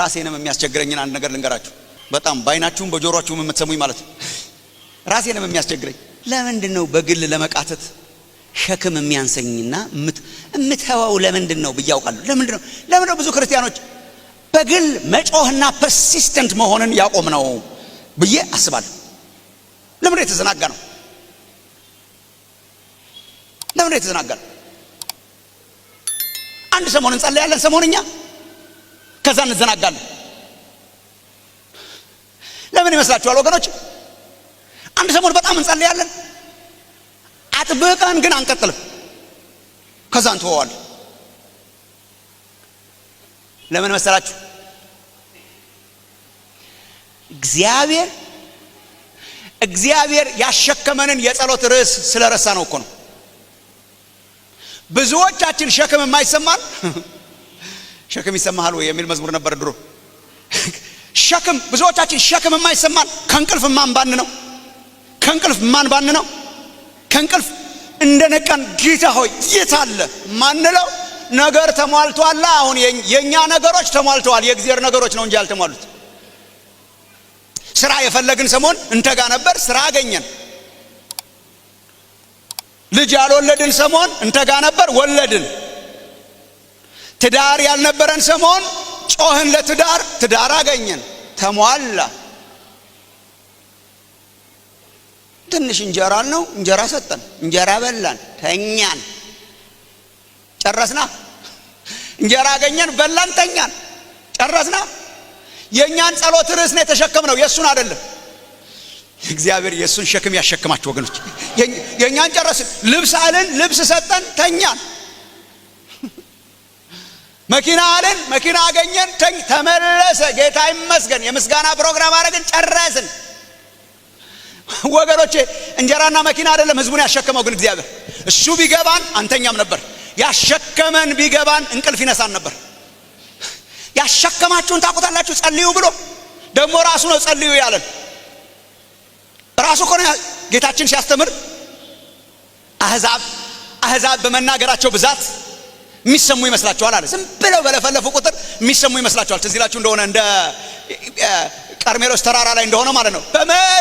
ራሴንም የሚያስቸግረኝን አንድ ነገር ልንገራችሁ። በጣም በአይናችሁም በጆሮአችሁም የምትሰሙኝ ማለት ነው። ራሴንም የሚያስቸግረኝ ለምንድን ነው በግል ለመቃተት ሸክም የሚያንሰኝና የምትተወው ለምንድን ነው ብዬ አውቃለሁ። ለምንድን ነው ለምንድን ነው ብዙ ክርስቲያኖች በግል መጮህና ፐርሲስተንት መሆንን ያቆም ነው ብዬ አስባለሁ። ለምንድን የተዘናጋ ነው? ለምንድን የተዘናጋ ነው? አንድ ሰሞን እንጸለያለን ሰሞንኛ ከዛ እንዘናጋለን። ለምን ይመስላችኋል ወገኖች? አንድ ሰሞን በጣም እንጸልያለን፣ አጥብቀን ግን አንቀጥልም። ከዛ እንትወዋል። ለምን መሰላችሁ? እግዚአብሔር እግዚአብሔር ያሸከመንን የጸሎት ርዕስ ስለረሳ ነው እኮ ነው ብዙዎቻችን ሸክም የማይሰማን ሸክም ይሰማሃል ወይ የሚል መዝሙር ነበር ድሮ። ሸክም ብዙዎቻችን ሸክም የማይሰማን ከእንቅልፍ ማን ባን ነው? ከእንቅልፍ ማን ባን ነው? ከእንቅልፍ እንደነቃን ጌታ ሆይ የት አለ ማንለው ነገር ተሟልቷል። አሁን የኛ ነገሮች ተሟልተዋል። የእግዚአብሔር ነገሮች ነው እንጂ ያልተሟሉት። ስራ የፈለግን ሰሞን እንተጋ ነበር፣ ስራ አገኘን። ልጅ ያልወለድን ሰሞን እንተጋ ነበር፣ ወለድን። ትዳር ያልነበረን ሰሞን ጮህን ለትዳር ትዳር አገኘን፣ ተሟላ። ትንሽ እንጀራ ነው እንጀራ ሰጠን፣ እንጀራ በላን፣ ተኛን፣ ጨረስና። እንጀራ አገኘን፣ በላን፣ ተኛን፣ ጨረስና። የእኛን ጸሎት ርዕስ ነው የተሸከምነው፣ የእሱን አይደለም። እግዚአብሔር የእሱን ሸክም ያሸክማችሁ ወገኖች። የእኛን ጨረስን፣ ልብስ አልን፣ ልብስ ሰጠን፣ ተኛን። መኪና አለን፣ መኪና አገኘን፣ ተመለሰ። ጌታ ይመስገን። የምስጋና ፕሮግራም አረግን፣ ጨረስን። ወገኖቼ እንጀራና መኪና አይደለም ህዝቡን ያሸከመው ግን እግዚአብሔር። እሱ ቢገባን አንተኛም ነበር። ያሸከመን ቢገባን እንቅልፍ ይነሳን ነበር። ያሸከማችሁን ታውቁታላችሁ። ጸልዩ ብሎ ደግሞ ራሱ ነው ጸልዩ ያለን። ራሱ ከሆነ ጌታችን ሲያስተምር አህዛብ አህዛብ በመናገራቸው ብዛት የሚሰሙ ይመስላችኋል አለ። ዝም ብለው በለፈለፉ ቁጥር የሚሰሙ ይመስላችኋል። ትዝ ይላችሁ እንደሆነ እንደ ቀርሜሎስ ተራራ ላይ እንደሆነ ማለት ነው።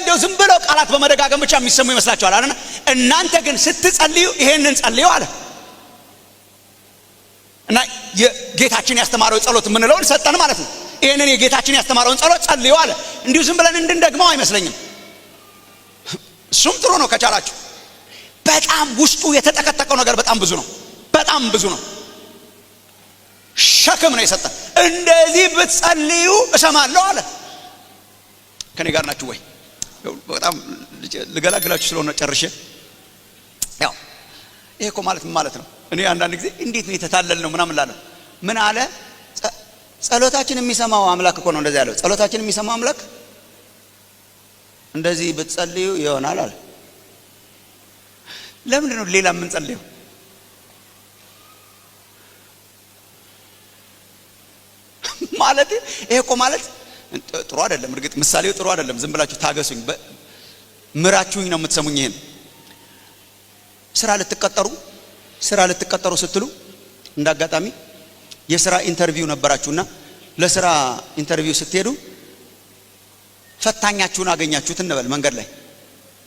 እንደው ዝም ብለው ቃላት በመደጋገም ብቻ የሚሰሙ ይመስላችኋል አለና እናንተ ግን ስትጸልዩ ይሄንን ጸልዩ አለ እና የጌታችን ያስተማረው ጸሎት የምንለውን ሰጠን ማለት ነው። ይሄንን የጌታችን ያስተማረውን ጸሎት ጸልዩ አለ። እንዲሁ ዝም ብለን እንድንደግመው አይመስለኝም። እሱም ጥሩ ነው ከቻላችሁ። በጣም ውስጡ የተጠቀጠቀው ነገር በጣም ብዙ ነው። በጣም ብዙ ነው። ሸክም ነው የሰጠ። እንደዚህ ብትጸልዩ እሰማለሁ አለ። ከኔ ጋር ናችሁ ወይ? በጣም ልገላግላችሁ ስለሆነ ጨርሼ። ያው ይሄ እኮ ማለት ምን ማለት ነው? እኔ አንዳንድ ጊዜ እንዴት ነው የተታለል ነው ምናምን ላለሁ። ምን አለ? ጸሎታችን የሚሰማው አምላክ እኮ ነው እንደዚህ ያለው። ጸሎታችን የሚሰማው አምላክ እንደዚህ ብትጸልዩ ይሆናል አለ። ለምንድን ነው ሌላ የምንጸልየው? ማለት ይሄ እኮ ማለት ጥሩ አይደለም። እርግጥ ምሳሌው ጥሩ አይደለም። ዝም ብላችሁ ታገሱኝ፣ ምራችሁኝ ነው የምትሰሙኝ። ይሄን ስራ ልትቀጠሩ ስራ ልትቀጠሩ ስትሉ እንዳጋጣሚ የስራ ኢንተርቪው ነበራችሁና ለስራ ኢንተርቪው ስትሄዱ ፈታኛችሁን አገኛችሁት እንበል መንገድ ላይ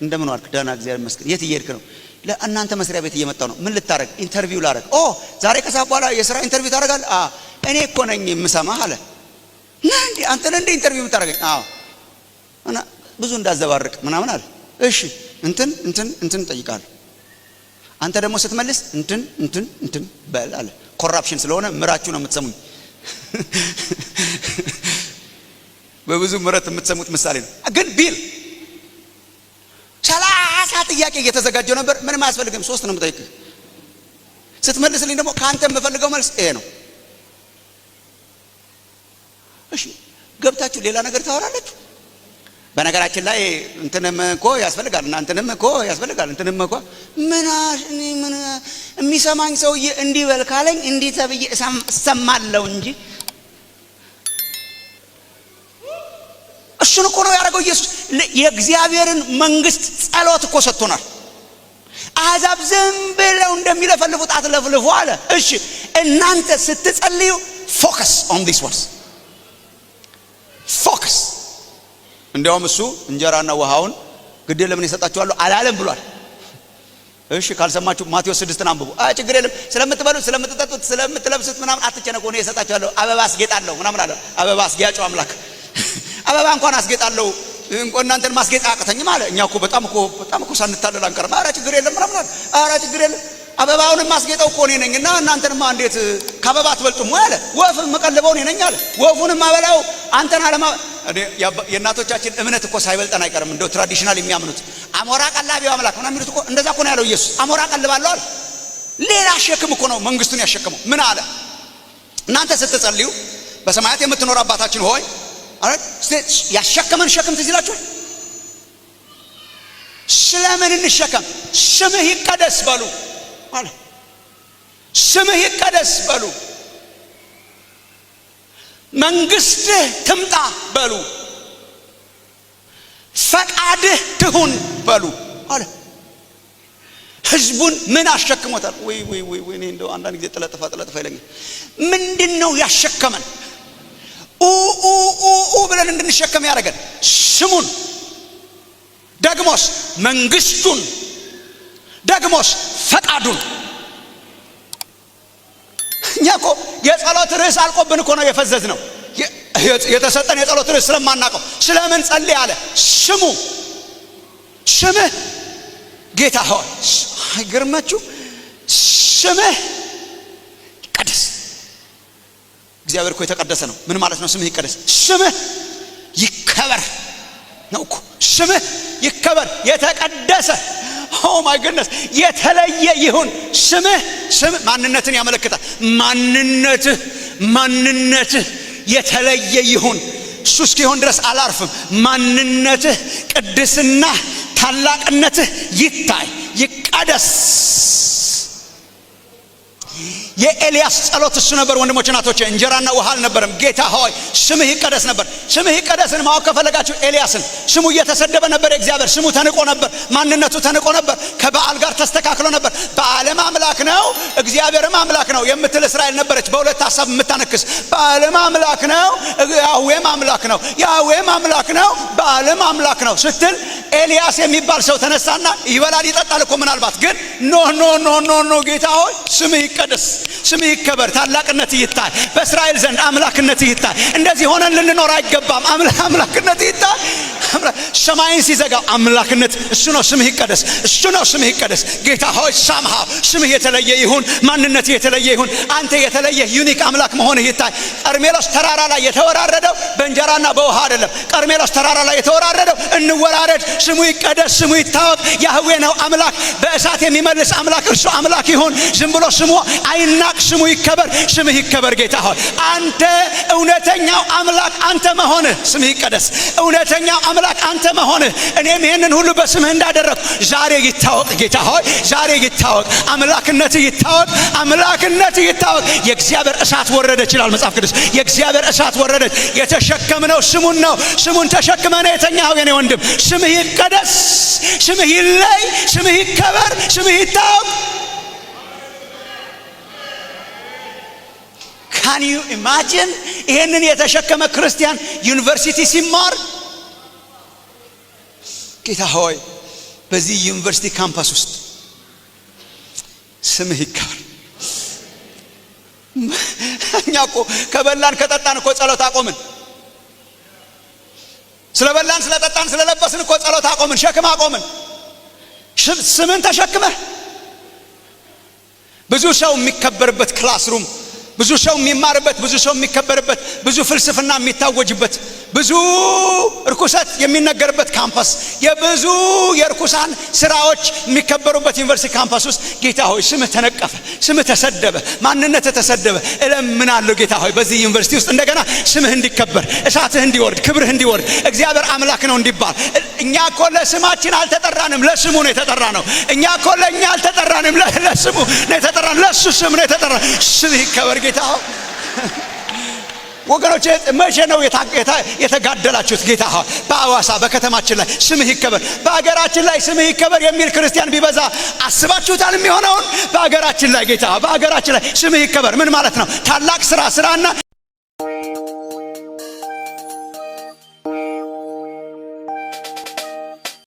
እንደምን ዋልክ? ደህና እግዚአብሔር ይመስገን። የት እየሄድክ ነው? ለእናንተ መስሪያ ቤት እየመጣ ነው። ምን ልታረግ? ኢንተርቪው ላረግ። ኦ ዛሬ ከሰዓት በኋላ የስራ ኢንተርቪው ታረጋል? አ እኔ እኮ ነኝ የምሰማህ አለ። ናንዲ አንተ እንደ ኢንተርቪው የምታረገኝ? አዎ። እና ብዙ እንዳዘባርቅ ምናምን አለ። እሺ እንትን እንትን እንትን እጠይቃለሁ። አንተ ደግሞ ስትመልስ እንትን እንትን እንትን በል አለ። ኮራፕሽን ስለሆነ ምራችሁ ነው የምትሰሙኝ። በብዙ ምረት የምትሰሙት ምሳሌ ነው ግን ቢል ጥያቄ እየተዘጋጀው ነበር። ምንም አያስፈልግም፣ ሶስት ነው የምጠይቅህ። ስትመልስልኝ ደግሞ ከአንተ የምፈልገው መልስ ይሄ ነው። እሺ ገብታችሁ ሌላ ነገር ታወራላችሁ። በነገራችን ላይ እንትንም እኮ ያስፈልጋል እና እንትንም እኮ ያስፈልጋል እንትንም እኮ ምን የሚሰማኝ ሰውዬ እንዲህ በል ካለኝ እንዲህ ተብዬ እሰማለሁ እንጂ እሱን እኮ ነው ያደረገው ኢየሱስ። የእግዚአብሔርን መንግስት ጸሎት እኮ ሰጥቶናል። አሕዛብ ዝም ብለው እንደሚለፈልፉት አትለፍልፉ አለ። እሺ እናንተ ስትጸልዩ ፎከስ ኦን ዲስ ወርስ ፎከስ። እንዲያውም እሱ እንጀራና ውሃውን ግዴ ለምን የሰጣችኋለሁ አላለም ብሏል። እሺ ካልሰማችሁ ማቴዎስ ስድስትን አንብቡ። ችግር የለም ስለምትበሉት፣ ስለምትጠጡት፣ ስለምትለብሱት ምናምን አትጨነቁ፣ እኔ የሰጣችኋለሁ። አበባ አስጌጣለሁ ምናምን አለ። አበባ አስጌያጨው አምላክ አበባ እንኳን አስጌጣለሁ እንቆ እናንተን ማስጌጥ አያቅተኝም አለ። እኛ እኮ በጣም እኮ በጣም እኮ ሳንታለል አንቀርም። ኧረ ችግር የለም ምናምን አለ። ኧረ ችግር የለም አበባውን ማስጌጠው እኮ እኔ ነኝ እና እናንተንማ እንዴት ከአበባ አትበልጡም ወይ አለ። ወፍ የምቀልበው እኔ ነኝ አለ። ወፉን ማበላው አንተን አለማ የእናቶቻችን እምነት እኮ ሳይበልጠን አይቀርም። እንደው ትራዲሽናል የሚያምኑት አሞራ ቀላቢው አምላክ ምናምን የሚሉት እኮ እንደዛ እኮ ነው ያለው ኢየሱስ። አሞራ ቀልባለሁ አለ። ሌላ ሸክም እኮ ነው መንግስቱን ያሸክመው። ምን አለ እናንተ ስትጸልዩ በሰማያት የምትኖር አባታችን ሆይ ያሸከመን ሸክም ትዝ ይላችኋል። ስለምን እንሸከም? ስምህ ይቀደስ በሉ አለ። ስምህ ይቀደስ በሉ፣ መንግስትህ ትምጣ በሉ፣ ፈቃድህ ትሁን በሉ አለ። ህዝቡን ምን አሸክሞታል? ወይ ወይ ወይ! እኔ እንደው አንዳንድ ጊዜ ጥለጥፋ ጥለጥፋ ይለኛል። ምንድን ነው ያሸከመን? ኡ ብለን እንድንሸከም ያደረገን ስሙን፣ ደግሞስ መንግስቱን፣ ደግሞስ ፈቃዱን። እኛ እኮ የጸሎት ርዕስ አልቆብን እኮ ነው የፈዘዝ ነው የተሰጠን የጸሎት ርዕስ ስለማናቀው ስለምን ጸልይ አለ ስሙ ስምህ ጌታ ሆይ አይገርማችሁ ስምህ እግዚአብሔር እኮ የተቀደሰ ነው። ምን ማለት ነው? ስምህ ይቀደስ፣ ስምህ ይከበር ነው እኮ ስምህ ይከበር፣ የተቀደሰ ኦ ማይ ግነስ የተለየ ይሁን ስምህ። ስምህ ማንነትን ያመለክታል። ማንነትህ ማንነትህ የተለየ ይሁን እሱ እስኪሆን ድረስ አላርፍም። ማንነትህ ቅድስና ታላቅነትህ ይታይ፣ ይቀደስ። የኤልያስ ጸሎት እሱ ነበር። ወንድሞች እናቶች፣ እንጀራና ውሃ አልነበረም። ጌታ ሆይ ስምህ ይቀደስ ነበር። ስምህ ይቀደስን ማወቅ ከፈለጋችሁ ኤልያስን ስሙ እየተሰደበ ነበር። እግዚአብሔር ስሙ ተንቆ ነበር። ማንነቱ ተንቆ ነበር። ከበዓል ጋር ተስተካክሎ ነበር። በዓለም አምላክ ነው፣ እግዚአብሔርም አምላክ ነው የምትል እስራኤል ነበረች። በሁለት ሀሳብ የምታነክስ በዓለም አምላክ ነው፣ ያዌም አምላክ ነው፣ ያዌም አምላክ ነው፣ በዓለም አምላክ ነው ስትል ኤልያስ የሚባል ሰው ተነሳና ይበላል ይጠጣል እኮ ምናልባት ግን ኖ ኖ ኖ ኖ ኖ ጌታ ሆይ ስምህ ይቀደስ፣ ስምህ ይከበር፣ ታላቅነት ይታይ፣ በእስራኤል ዘንድ አምላክነት ይታይ። እንደዚህ ሆነን ልንኖር አይገባም። አምላክነት ይታይ። ሰማይን ሲዘጋው አምላክነት እሱ ነው፣ ስምህ ይቀደስ፣ እሱ ነው፣ ስምህ ይቀደስ። ጌታ ሆይ ሳምሃ ስምህ የተለየ ይሁን፣ ማንነት የተለየ ይሁን፣ አንተ የተለየ ዩኒክ አምላክ መሆንህ ይታይ። ቀርሜሎስ ተራራ ላይ የተወራረደው በእንጀራና በውሃ አይደለም። ቀርሜሎስ ተራራ ላይ የተወራረደው እንወራረድ ስሙ ይቀደስ፣ ስሙ ይታወቅ። ያህዌ ነው አምላክ፣ በእሳት የሚመልስ አምላክ እርሱ አምላክ ይሁን። ዝም ብሎ ስሙ አይናቅ፣ ስሙ ይከበር፣ ስምህ ይከበር። ጌታ ሆይ አንተ እውነተኛው አምላክ አንተ መሆንህ ስምህ ይቀደስ። እውነተኛው አምላክ አንተ መሆንህ እኔም ይህንን ሁሉ በስምህ እንዳደረግኩ ዛሬ ይታወቅ። ጌታ ሆይ ዛሬ ይታወቅ፣ አምላክነት ይታወቅ፣ አምላክነት ይታወቅ። የእግዚአብሔር እሳት ወረደች ይላል መጽሐፍ ቅዱስ። የእግዚአብሔር እሳት ወረደች። የተሸከምነው ስሙን ነው። ስሙን ተሸክመነ የተኛኸው የኔ ወንድም ስምህ ይቀደስ፣ ስምህ ይለይ፣ ስምህ ይከበር፣ ስምህ ይታወቅ። ካን ዩ ኢማጂን ይህንን የተሸከመ ክርስቲያን ዩኒቨርሲቲ ሲማር ጌታ ሆይ በዚህ ዩኒቨርሲቲ ካምፓስ ውስጥ ስምህ ይከበር። እኛ እኮ ከበላን ከጠጣን እኮ ጸሎት አቆምን። ስለበላን ስለጠጣን ስለለበስን እኮ ጸሎት አቆምን፣ ሸክም አቆምን። ስምን ተሸክመ ብዙ ሰው የሚከበርበት ክላስሩም፣ ብዙ ሰው የሚማርበት፣ ብዙ ሰው የሚከበርበት፣ ብዙ ፍልስፍና የሚታወጅበት ብዙ እርኩሰት የሚነገርበት ካምፓስ፣ የብዙ የእርኩሳን ስራዎች የሚከበሩበት ዩኒቨርሲቲ ካምፓስ ውስጥ ጌታ ሆይ ስምህ ተነቀፈ፣ ስምህ ተሰደበ፣ ማንነት ተሰደበ። እለምናለሁ ጌታ ሆይ በዚህ ዩኒቨርሲቲ ውስጥ እንደገና ስምህ እንዲከበር፣ እሳትህ እንዲወርድ፣ ክብርህ እንዲወርድ፣ እግዚአብሔር አምላክ ነው እንዲባል። እኛ እኮ ለስማችን አልተጠራንም፣ ለስሙ ነው የተጠራ ነው። እኛ እኮ ለእኛ አልተጠራንም፣ ለስሙ ነው የተጠራ፣ ለእሱ ስም ነው የተጠራ። ስምህ ይከበር ጌታ ወገኖች መቼ ነው የተጋደላችሁት? ጌታ በአዋሳ በከተማችን ላይ ስምህ ይከበር፣ በአገራችን ላይ ስምህ ይከበር የሚል ክርስቲያን ቢበዛ አስባችሁታል? የሚሆነውን በአገራችን ላይ ጌታ በአገራችን ላይ ስምህ ይከበር ምን ማለት ነው? ታላቅ ስራ ስራና